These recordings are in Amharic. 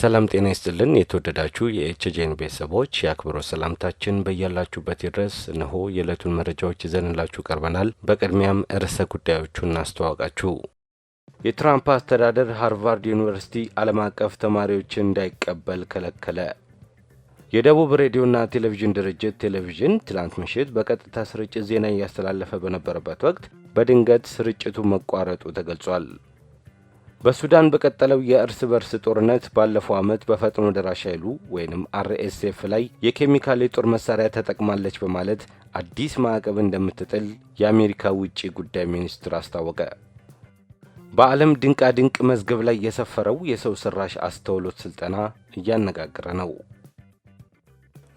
ሰላም ጤና ይስጥልን። የተወደዳችሁ የኤችጄን ቤተሰቦች የአክብሮ ሰላምታችን በያላችሁበት ድረስ እንሆ የዕለቱን መረጃዎች ይዘንላችሁ ቀርበናል። በቅድሚያም ርዕሰ ጉዳዮቹን እናስተዋውቃችሁ። የትራምፕ አስተዳደር ሃርቫርድ ዩኒቨርሲቲ ዓለም አቀፍ ተማሪዎችን እንዳይቀበል ከለከለ። የደቡብ ሬዲዮና ቴሌቪዥን ድርጅት ቴሌቪዥን ትላንት ምሽት በቀጥታ ስርጭት ዜና እያስተላለፈ በነበረበት ወቅት በድንገት ስርጭቱ መቋረጡ ተገልጿል። በሱዳን በቀጠለው የእርስ በርስ ጦርነት ባለፈው ዓመት በፈጥኖ ደራሽ ኃይሉ ወይም አርኤስኤፍ ላይ የኬሚካል የጦር መሳሪያ ተጠቅማለች በማለት አዲስ ማዕቀብ እንደምትጥል የአሜሪካ ውጭ ጉዳይ ሚኒስትር አስታወቀ። በዓለም ድንቃ ድንቅ መዝገብ ላይ የሰፈረው የሰው ሰራሽ አስተውሎት ስልጠና እያነጋገረ ነው።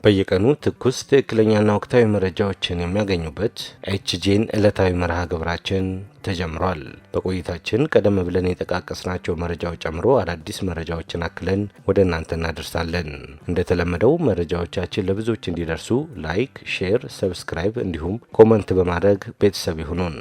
በየቀኑ ትኩስ ትክክለኛና ወቅታዊ መረጃዎችን የሚያገኙበት ኤችጄን ዕለታዊ መርሃ ግብራችን ተጀምሯል። በቆይታችን ቀደም ብለን የጠቃቀስናቸው መረጃዎች ጨምሮ አዳዲስ መረጃዎችን አክለን ወደ እናንተ እናደርሳለን። እንደተለመደው መረጃዎቻችን ለብዙዎች እንዲደርሱ ላይክ፣ ሼር፣ ሰብስክራይብ እንዲሁም ኮመንት በማድረግ ቤተሰብ ይሁኑን።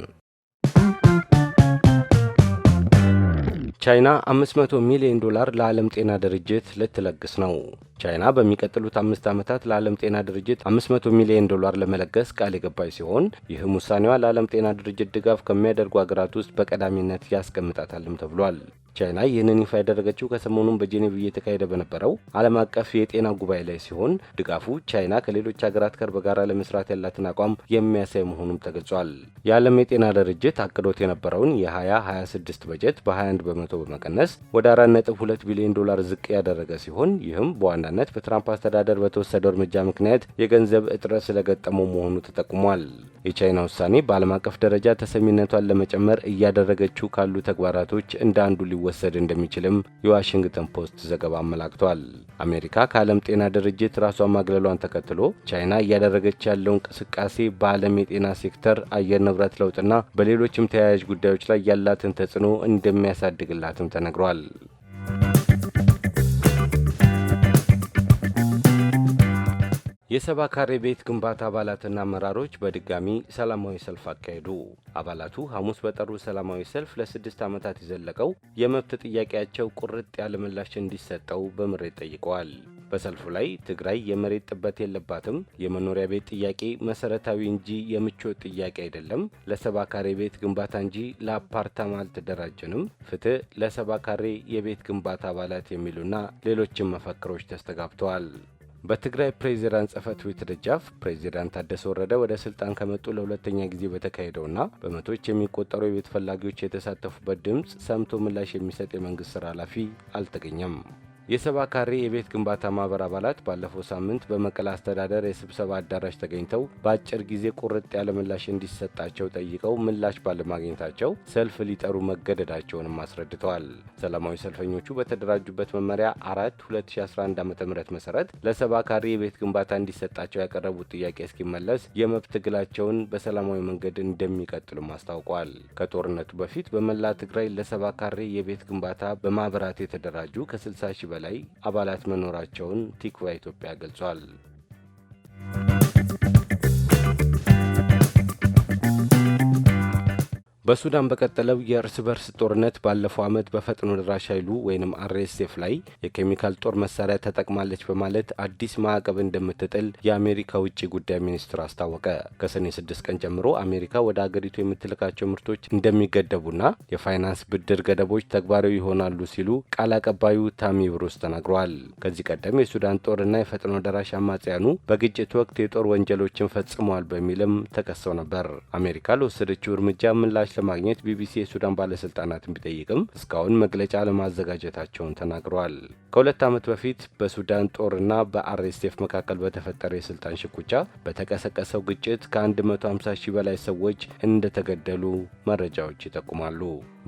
ቻይና 500 ሚሊዮን ዶላር ለዓለም ጤና ድርጅት ልትለግስ ነው። ቻይና በሚቀጥሉት አምስት ዓመታት ለዓለም ጤና ድርጅት 500 ሚሊዮን ዶላር ለመለገስ ቃል የገባች ሲሆን ይህም ውሳኔዋ ለዓለም ጤና ድርጅት ድጋፍ ከሚያደርጉ ሀገራት ውስጥ በቀዳሚነት ያስቀምጣታልም ተብሏል። ቻይና ይህንን ይፋ ያደረገችው ከሰሞኑን በጄኔቭ እየተካሄደ በነበረው ዓለም አቀፍ የጤና ጉባኤ ላይ ሲሆን ድጋፉ ቻይና ከሌሎች ሀገራት ጋር በጋራ ለመስራት ያላትን አቋም የሚያሳይ መሆኑም ተገልጿል። የዓለም የጤና ድርጅት አቅዶት የነበረውን የ2026 በጀት በ21 በመቶ በመቀነስ ወደ 4.2 ቢሊዮን ዶላር ዝቅ ያደረገ ሲሆን ይህም በዋና በዋናነት በትራምፕ አስተዳደር በተወሰደው እርምጃ ምክንያት የገንዘብ እጥረት ስለገጠሙ መሆኑ ተጠቁሟል። የቻይና ውሳኔ በዓለም አቀፍ ደረጃ ተሰሚነቷን ለመጨመር እያደረገችው ካሉ ተግባራቶች እንደ አንዱ ሊወሰድ እንደሚችልም የዋሽንግተን ፖስት ዘገባ አመላክቷል። አሜሪካ ከዓለም ጤና ድርጅት ራሷን ማግለሏን ተከትሎ ቻይና እያደረገች ያለው እንቅስቃሴ በዓለም የጤና ሴክተር፣ አየር ንብረት ለውጥና በሌሎችም ተያያዥ ጉዳዮች ላይ ያላትን ተጽዕኖ እንደሚያሳድግላትም ተነግሯል። የሰባ ካሬ ቤት ግንባታ አባላትና አመራሮች በድጋሚ ሰላማዊ ሰልፍ አካሄዱ። አባላቱ ሐሙስ በጠሩ ሰላማዊ ሰልፍ ለስድስት ዓመታት የዘለቀው የመብት ጥያቄያቸው ቁርጥ ያለ ምላሽ እንዲሰጠው በምሬት ጠይቀዋል። በሰልፉ ላይ ትግራይ የመሬት ጥበት የለባትም፣ የመኖሪያ ቤት ጥያቄ መሰረታዊ እንጂ የምቾት ጥያቄ አይደለም፣ ለሰባ ካሬ ቤት ግንባታ እንጂ ለአፓርታማ አልተደራጀንም፣ ፍትህ ለሰባ ካሬ የቤት ግንባታ አባላት የሚሉና ሌሎችም መፈክሮች ተስተጋብተዋል። በትግራይ ፕሬዚዳንት ጽህፈት ቤት ደጃፍ ፕሬዚዳንት ታደሰ ወረደ ወደ ስልጣን ከመጡ ለሁለተኛ ጊዜ በተካሄደውና በመቶዎች የሚቆጠሩ የቤት ፈላጊዎች የተሳተፉበት ድምፅ ሰምቶ ምላሽ የሚሰጥ የመንግስት ስራ ኃላፊ አልተገኘም። የሰባ ካሬ የቤት ግንባታ ማህበር አባላት ባለፈው ሳምንት በመቀለ አስተዳደር የስብሰባ አዳራሽ ተገኝተው በአጭር ጊዜ ቁርጥ ያለ ምላሽ እንዲሰጣቸው ጠይቀው ምላሽ ባለማግኘታቸው ሰልፍ ሊጠሩ መገደዳቸውንም አስረድተዋል። ሰላማዊ ሰልፈኞቹ በተደራጁበት መመሪያ አራት 2011 ዓ ም መሰረት ለሰባ ካሬ የቤት ግንባታ እንዲሰጣቸው ያቀረቡት ጥያቄ እስኪመለስ የመብት ትግላቸውን በሰላማዊ መንገድ እንደሚቀጥሉም አስታውቋል። ከጦርነቱ በፊት በመላ ትግራይ ለሰባ ካሬ የቤት ግንባታ በማህበራት የተደራጁ ከ60 ሺ በላይ አባላት መኖራቸውን ቲክቫ ኢትዮጵያ ገልጿል። በሱዳን በቀጠለው የእርስ በርስ ጦርነት ባለፈው ዓመት በፈጥኖ ደራሽ ኃይሉ ወይም አርኤስኤፍ ላይ የኬሚካል ጦር መሳሪያ ተጠቅማለች በማለት አዲስ ማዕቀብ እንደምትጥል የአሜሪካ ውጭ ጉዳይ ሚኒስትር አስታወቀ። ከሰኔ ስድስት ቀን ጀምሮ አሜሪካ ወደ አገሪቱ የምትልካቸው ምርቶች እንደሚገደቡና የፋይናንስ ብድር ገደቦች ተግባራዊ ይሆናሉ ሲሉ ቃል አቀባዩ ታሚ ብሩስ ተናግረዋል። ከዚህ ቀደም የሱዳን ጦርና የፈጥኖ ደራሽ አማጽያኑ በግጭት ወቅት የጦር ወንጀሎችን ፈጽመዋል በሚልም ተከሰው ነበር። አሜሪካ ለወሰደችው እርምጃ ምላሽ ምላሽ ለማግኘት ቢቢሲ የሱዳን ባለስልጣናትን ቢጠይቅም እስካሁን መግለጫ ለማዘጋጀታቸውን ተናግረዋል። ከሁለት ዓመት በፊት በሱዳን ጦርና በአርኤስኤፍ መካከል በተፈጠረ የስልጣን ሽኩቻ በተቀሰቀሰው ግጭት ከ150 ሺህ በላይ ሰዎች እንደተገደሉ መረጃዎች ይጠቁማሉ።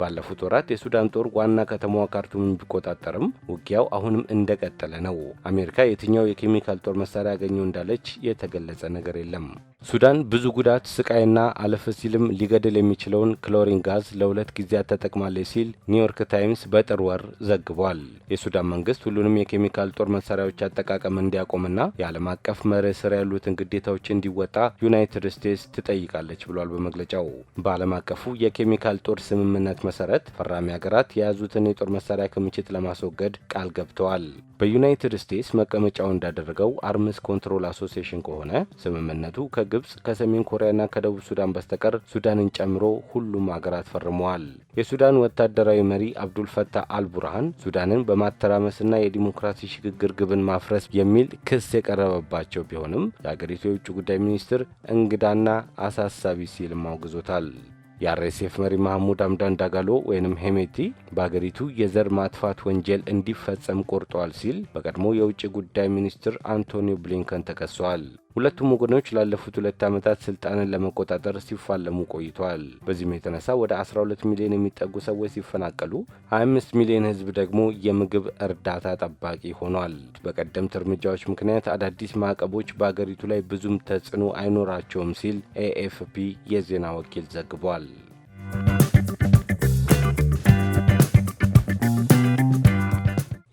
ባለፉት ወራት የሱዳን ጦር ዋና ከተማዋ ካርቱምን ቢቆጣጠርም ውጊያው አሁንም እንደቀጠለ ነው። አሜሪካ የትኛው የኬሚካል ጦር መሳሪያ ያገኘው እንዳለች የተገለጸ ነገር የለም። ሱዳን ብዙ ጉዳት፣ ስቃይና አለፍ ሲልም ሊገድል የሚችለውን ክሎሪን ጋዝ ለሁለት ጊዜያት ተጠቅማለች ሲል ኒውዮርክ ታይምስ በጥር ወር ዘግቧል። የሱዳን መንግስት ሁሉንም የኬሚካል ጦር መሳሪያዎች አጠቃቀም እንዲያቆምና የዓለም አቀፍ መርህ ስር ያሉትን ግዴታዎች እንዲወጣ ዩናይትድ ስቴትስ ትጠይቃለች ብሏል በመግለጫው በዓለም አቀፉ የኬሚካል ጦር ስምምነት መሰረት ፈራሚ ሀገራት የያዙትን የጦር መሳሪያ ክምችት ለማስወገድ ቃል ገብተዋል። በዩናይትድ ስቴትስ መቀመጫው እንዳደረገው አርምስ ኮንትሮል አሶሲሽን ከሆነ ስምምነቱ ከግብጽ ከሰሜን ኮሪያና ከደቡብ ሱዳን በስተቀር ሱዳንን ጨምሮ ሁሉም ሀገራት ፈርመዋል። የሱዳን ወታደራዊ መሪ አብዱልፈታህ አልቡርሃን ሱዳንን በማተራመስና የዲሞክራሲ ሽግግር ግብን ማፍረስ የሚል ክስ የቀረበባቸው ቢሆንም የአገሪቱ የውጭ ጉዳይ ሚኒስትር እንግዳና አሳሳቢ ሲል አውግዞታል። የአርኤስኤፍ መሪ መሐሙድ አምዳን ዳጋሎ ወይም ሄሜቲ በአገሪቱ የዘር ማጥፋት ወንጀል እንዲፈጸም ቆርጠዋል ሲል በቀድሞ የውጭ ጉዳይ ሚኒስትር አንቶኒ ብሊንከን ተከሷል። ሁለቱም ወገኖች ላለፉት ሁለት ዓመታት ስልጣንን ለመቆጣጠር ሲፋለሙ ቆይተዋል። በዚህም የተነሳ ወደ 12 ሚሊዮን የሚጠጉ ሰዎች ሲፈናቀሉ 25 ሚሊዮን ሕዝብ ደግሞ የምግብ እርዳታ ጠባቂ ሆኗል። በቀደምት እርምጃዎች ምክንያት አዳዲስ ማዕቀቦች በአገሪቱ ላይ ብዙም ተጽዕኖ አይኖራቸውም ሲል ኤኤፍፒ የዜና ወኪል ዘግቧል።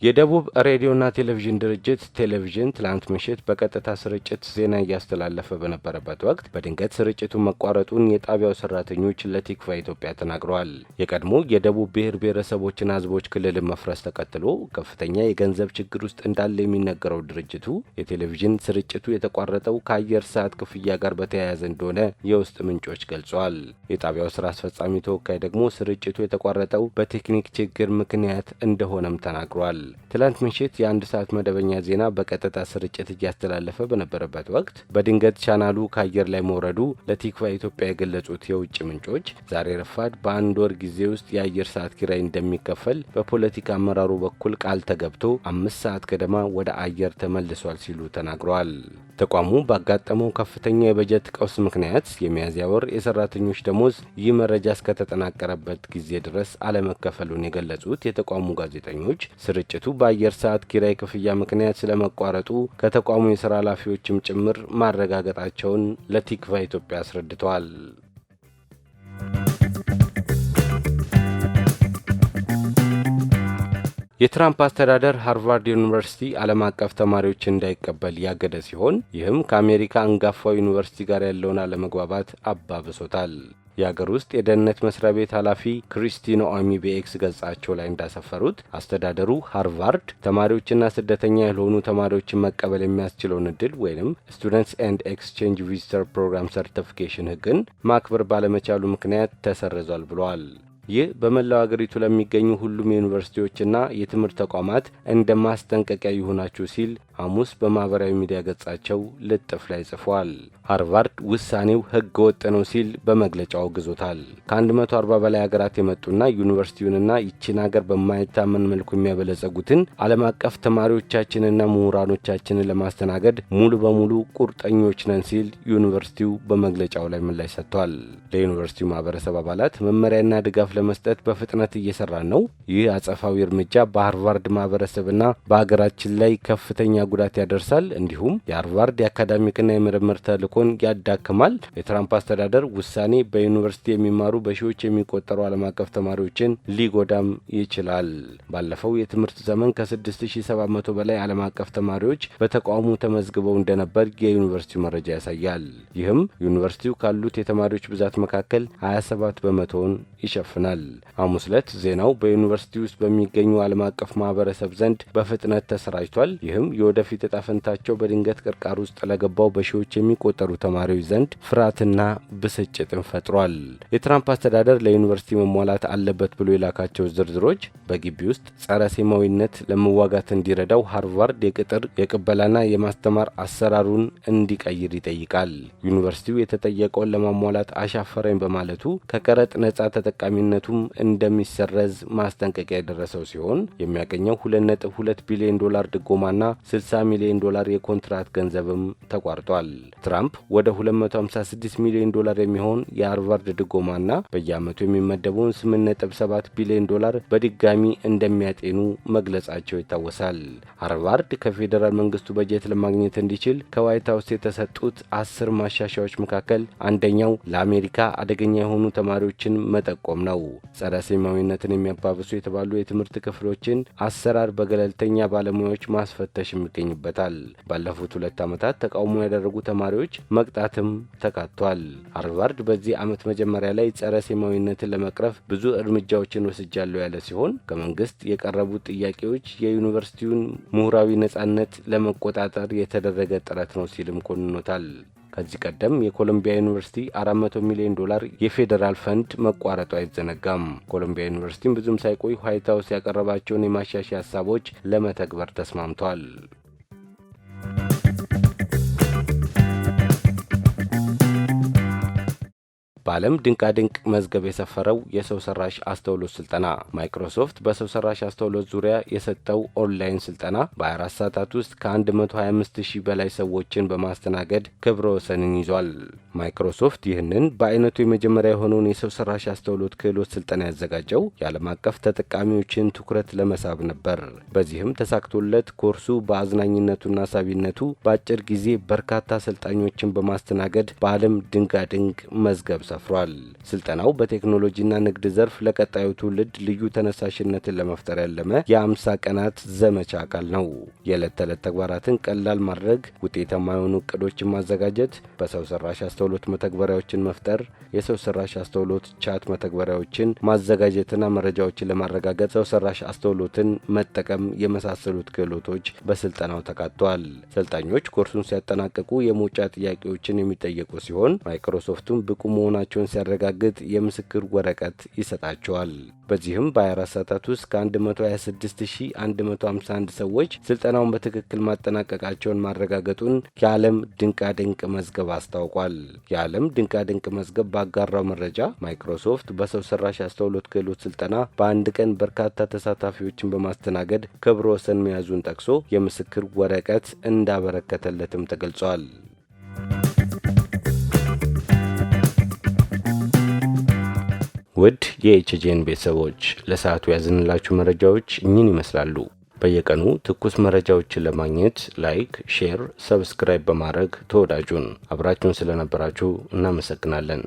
የደቡብ ሬዲዮና ቴሌቪዥን ድርጅት ቴሌቪዥን ትላንት ምሽት በቀጥታ ስርጭት ዜና እያስተላለፈ በነበረበት ወቅት በድንገት ስርጭቱን መቋረጡን የጣቢያው ሰራተኞች ለቲክቫ ኢትዮጵያ ተናግረዋል። የቀድሞ የደቡብ ብሔር ብሔረሰቦችና ሕዝቦች ክልልን መፍረስ ተከትሎ ከፍተኛ የገንዘብ ችግር ውስጥ እንዳለ የሚነገረው ድርጅቱ የቴሌቪዥን ስርጭቱ የተቋረጠው ከአየር ሰዓት ክፍያ ጋር በተያያዘ እንደሆነ የውስጥ ምንጮች ገልጿል። የጣቢያው ስራ አስፈጻሚ ተወካይ ደግሞ ስርጭቱ የተቋረጠው በቴክኒክ ችግር ምክንያት እንደሆነም ተናግሯል። ትላንት ምሽት የአንድ ሰዓት መደበኛ ዜና በቀጥታ ስርጭት እያስተላለፈ በነበረበት ወቅት በድንገት ቻናሉ ከአየር ላይ መውረዱ ለቲክቫ ኢትዮጵያ የገለጹት የውጭ ምንጮች ዛሬ ረፋድ በአንድ ወር ጊዜ ውስጥ የአየር ሰዓት ኪራይ እንደሚከፈል በፖለቲካ አመራሩ በኩል ቃል ተገብቶ አምስት ሰዓት ገደማ ወደ አየር ተመልሷል ሲሉ ተናግረዋል። ተቋሙ ባጋጠመው ከፍተኛ የበጀት ቀውስ ምክንያት የሚያዝያ ወር የሰራተኞች ደሞዝ ይህ መረጃ እስከተጠናቀረበት ጊዜ ድረስ አለመከፈሉን የገለጹት የተቋሙ ጋዜጠኞች ስርጭት ግጭቱ በአየር ሰዓት ኪራይ ክፍያ ምክንያት ስለመቋረጡ ከተቋሙ የስራ ኃላፊዎችም ጭምር ማረጋገጣቸውን ለቲክቫ ኢትዮጵያ አስረድተዋል። የትራምፕ አስተዳደር ሃርቫርድ ዩኒቨርሲቲ ዓለም አቀፍ ተማሪዎች እንዳይቀበል ያገደ ሲሆን ይህም ከአሜሪካ አንጋፋው ዩኒቨርሲቲ ጋር ያለውን አለመግባባት አባብሶታል። የአገር ውስጥ የደህንነት መስሪያ ቤት ኃላፊ ክሪስቲኖ አሚ በኤክስ ገጻቸው ላይ እንዳሰፈሩት አስተዳደሩ ሃርቫርድ ተማሪዎችና ስደተኛ ያልሆኑ ተማሪዎችን መቀበል የሚያስችለውን እድል ወይም ስቱደንትስ ኤንድ ኤክስቼንጅ ቪዚተር ፕሮግራም ሰርቲፊኬሽን ህግን ማክበር ባለመቻሉ ምክንያት ተሰርዟል ብለዋል። ይህ በመላው አገሪቱ ለሚገኙ ሁሉም ዩኒቨርሲቲዎችና የትምህርት ተቋማት እንደ ማስጠንቀቂያ ይሆናችሁ ሲል ሐሙስ በማኅበራዊ ሚዲያ ገጻቸው ልጥፍ ላይ ጽፏል። ሃርቫርድ ውሳኔው ሕገ ወጥ ነው ሲል በመግለጫው አውግዞታል። ከ140 በላይ ሀገራት የመጡና ዩኒቨርሲቲውንና ይችን ሀገር በማይታመን መልኩ የሚያበለጸጉትን ዓለም አቀፍ ተማሪዎቻችንና ምሁራኖቻችንን ለማስተናገድ ሙሉ በሙሉ ቁርጠኞች ነን ሲል ዩኒቨርሲቲው በመግለጫው ላይ ምላሽ ሰጥቷል። ለዩኒቨርሲቲው ማህበረሰብ አባላት መመሪያና ድጋፍ ለመስጠት በፍጥነት እየሰራን ነው። ይህ አጸፋዊ እርምጃ በሃርቫርድ ማህበረሰብና በሀገራችን ላይ ከፍተኛ ጉዳት ያደርሳል። እንዲሁም የሃርቫርድ የአካዳሚክና የምርምር ተልኮ ተልዕኮን ያዳክማል። የትራምፕ አስተዳደር ውሳኔ በዩኒቨርሲቲ የሚማሩ በሺዎች የሚቆጠሩ ዓለም አቀፍ ተማሪዎችን ሊጎዳም ይችላል። ባለፈው የትምህርት ዘመን ከ6700 በላይ ዓለም አቀፍ ተማሪዎች በተቃውሞ ተመዝግበው እንደነበር የዩኒቨርሲቲው መረጃ ያሳያል። ይህም ዩኒቨርሲቲው ካሉት የተማሪዎች ብዛት መካከል 27 በመቶውን ይሸፍናል። ሐሙስ ዕለት ዜናው በዩኒቨርሲቲ ውስጥ በሚገኙ ዓለም አቀፍ ማህበረሰብ ዘንድ በፍጥነት ተሰራጅቷል። ይህም የወደፊት እጣ ፈንታቸው በድንገት ቅርቃር ውስጥ ለገባው በሺዎች የሚቆጠሩ በተማሩ ተማሪዎች ዘንድ ፍርሃትና ብስጭትን ፈጥሯል። የትራምፕ አስተዳደር ለዩኒቨርሲቲ መሟላት አለበት ብሎ የላካቸው ዝርዝሮች በግቢ ውስጥ ጸረ ሴማዊነት ለመዋጋት እንዲረዳው ሃርቫርድ የቅጥር የቅበላና የማስተማር አሰራሩን እንዲቀይር ይጠይቃል። ዩኒቨርሲቲው የተጠየቀውን ለማሟላት አሻፈረኝ በማለቱ ከቀረጥ ነጻ ተጠቃሚነቱም እንደሚሰረዝ ማስጠንቀቂያ የደረሰው ሲሆን የሚያገኘው 2.2 ቢሊዮን ዶላር ድጎማና 60 ሚሊዮን ዶላር የኮንትራት ገንዘብም ተቋርጧል። ትራምፕ ትራምፕ ወደ 256 ሚሊዮን ዶላር የሚሆን የሃርቫርድ ድጎማና በየዓመቱ የሚመደበውን 8.7 ቢሊዮን ዶላር በድጋሚ እንደሚያጤኑ መግለጻቸው ይታወሳል። ሃርቫርድ ከፌዴራል መንግስቱ በጀት ለማግኘት እንዲችል ከዋይት ሀውስ የተሰጡት አስር ማሻሻያዎች መካከል አንደኛው ለአሜሪካ አደገኛ የሆኑ ተማሪዎችን መጠቆም ነው። ጸረ ሴማዊነትን የሚያባብሱ የተባሉ የትምህርት ክፍሎችን አሰራር በገለልተኛ ባለሙያዎች ማስፈተሽም ይገኝበታል። ባለፉት ሁለት ዓመታት ተቃውሞ ያደረጉ ተማሪዎች መቅጣትም ተካቷል። ሃርቫርድ በዚህ ዓመት መጀመሪያ ላይ ጸረ ሴማዊነትን ለመቅረፍ ብዙ እርምጃዎችን ወስጃለሁ ያለ ሲሆን ከመንግስት የቀረቡት ጥያቄዎች የዩኒቨርሲቲውን ምሁራዊ ነጻነት ለመቆጣጠር የተደረገ ጥረት ነው ሲልም ኮንኖታል። ከዚህ ቀደም የኮሎምቢያ ዩኒቨርሲቲ 400 ሚሊዮን ዶላር የፌዴራል ፈንድ መቋረጡ አይዘነጋም። ኮሎምቢያ ዩኒቨርሲቲም ብዙም ሳይቆይ ዋይት ሀውስ ያቀረባቸውን የማሻሻያ ሀሳቦች ለመተግበር ተስማምቷል። በዓለም ድንቃድንቅ መዝገብ የሰፈረው የሰው ሰራሽ አስተውሎት ስልጠና ማይክሮሶፍት በሰው ሰራሽ አስተውሎት ዙሪያ የሰጠው ኦንላይን ስልጠና በ24 ሰዓታት ውስጥ ከ125 ሺህ በላይ ሰዎችን በማስተናገድ ክብረ ወሰንን ይዟል። ማይክሮሶፍት ይህንን በአይነቱ የመጀመሪያ የሆነውን የሰው ሰራሽ አስተውሎት ክህሎት ስልጠና ያዘጋጀው የዓለም አቀፍ ተጠቃሚዎችን ትኩረት ለመሳብ ነበር። በዚህም ተሳክቶለት ኮርሱ በአዝናኝነቱና ሳቢነቱ በአጭር ጊዜ በርካታ ሰልጣኞችን በማስተናገድ በዓለም ድንጋድንቅ መዝገብ ሰፍ ሰፍሯል። ስልጠናው በቴክኖሎጂና ንግድ ዘርፍ ለቀጣዩ ትውልድ ልዩ ተነሳሽነትን ለመፍጠር ያለመ የአምሳ ቀናት ዘመቻ አካል ነው። የዕለት ተዕለት ተግባራትን ቀላል ማድረግ፣ ውጤታማ የሆኑ እቅዶችን ማዘጋጀት፣ በሰው ሰራሽ አስተውሎት መተግበሪያዎችን መፍጠር፣ የሰው ሰራሽ አስተውሎት ቻት መተግበሪያዎችን ማዘጋጀትና መረጃዎችን ለማረጋገጥ ሰው ሰራሽ አስተውሎትን መጠቀም የመሳሰሉት ክህሎቶች በስልጠናው ተካቷል። ሰልጣኞች ኮርሱን ሲያጠናቅቁ የመውጫ ጥያቄዎችን የሚጠየቁ ሲሆን ማይክሮሶፍቱን ብቁ መሆናቸው መሆናቸውን ሲያረጋግጥ የምስክር ወረቀት ይሰጣቸዋል። በዚህም በ24 ሰዓታት ውስጥ ከ126151 ሰዎች ስልጠናውን በትክክል ማጠናቀቃቸውን ማረጋገጡን የዓለም ድንቃድንቅ መዝገብ አስታውቋል። የዓለም ድንቃድንቅ መዝገብ ባጋራው መረጃ ማይክሮሶፍት በሰው ሰራሽ አስተውሎት ክህሎት ስልጠና በአንድ ቀን በርካታ ተሳታፊዎችን በማስተናገድ ክብረ ወሰን መያዙን ጠቅሶ የምስክር ወረቀት እንዳበረከተለትም ተገልጿል። ውድ የኤችጄን ቤተሰቦች ለሰዓቱ ያዝንላችሁ መረጃዎች እኚህን ይመስላሉ። በየቀኑ ትኩስ መረጃዎችን ለማግኘት ላይክ፣ ሼር፣ ሰብስክራይብ በማድረግ ተወዳጁን አብራችሁን ስለነበራችሁ እናመሰግናለን።